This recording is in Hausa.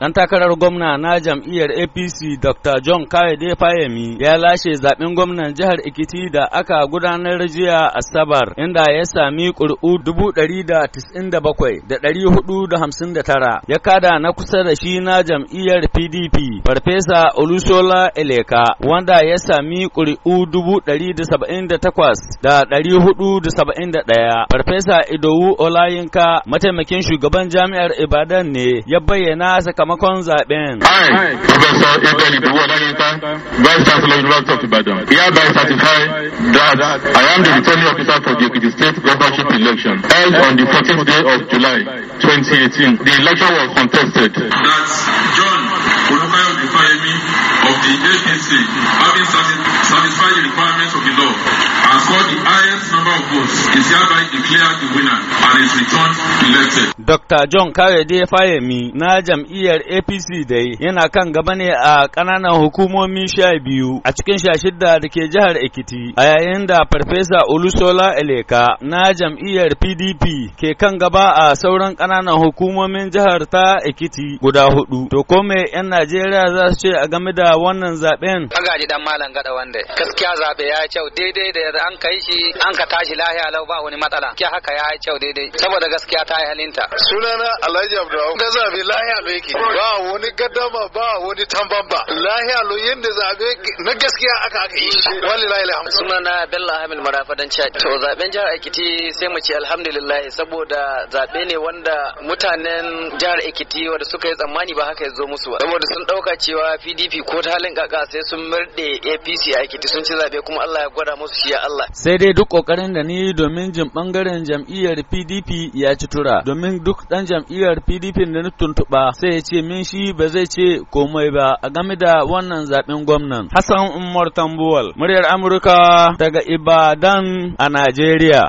Dan takarar gwamna na jam'iyyar APC Dr. John Kayode Fayemi ya lashe zaɓen gwamnan jihar Ekiti da aka gudanar jiya Asabar inda ya sami ƙuri'u tara. ya kada na kusa da shi na jam'iyyar PDP Farfesa Olusola Eleka wanda ya sami ƙuri'u ɗaya. Farfesa Idowu Olayinka mataimakin shugaban jami'ar Ibadan ne ya bayyana saka. sakamakon zaben. I, Professor Ibn Ibuwan Vice Chancellor University of Ibadan, hereby certify that I am the returning officer for the Ekiti State governorship election held on the 14th day of July 2018. The election was contested committee having satisfied the requirements of the law and scored the highest number of votes is hereby declared the winner and is returned elected. Dr. John Kayode Fayemi na jam'iyyar APC dai yana kan gaba ne a ƙananan hukumomi sha biyu a cikin sha shidda da ke jihar Ekiti a yayin da Farfesa Olusola Eleka na jam'iyyar PDP ke kan gaba a sauran ƙananan hukumomin jihar ta Ekiti guda hudu. To kome 'yan Najeriya za su ce a game da wannan zaɓe zaben magaji dan malam gada wanda gaskiya zabe ya yi kyau daidai da an kai shi an ka tashi lahiya lau ba wani matsala ke haka ya yi kyau daidai saboda gaskiya ta yi halinta sunana alhaji abdullahi ga zabe lahiya lo yake ba wani gadama ba wani tambamba lahiya lo yanda zabe na gaskiya aka aka yi shi wallahi alhamdu sunana bello hamil marafadan chad to zaben jihar ekiti sai mu ce alhamdulillah saboda zabe ne wanda mutanen jihar ekiti wanda suka yi tsammani ba haka ya zo musu ba saboda sun dauka cewa pdp ko ta halin kaka sai sun murɗe apc a kiti sun ci zaɓe kuma allah ya gwada musu shi ya allah sai dai duk ƙoƙarin da ni domin jin ɓangaren jam'iyyar pdp ya ci tura domin duk ɗan jam'iyyar pdp da ni tuntuɓa sai ya ce min shi ba zai ce komai ba a game da wannan zaɓen gwamnan hassan umar tambuwal muryar amurka daga ibadan a najeriya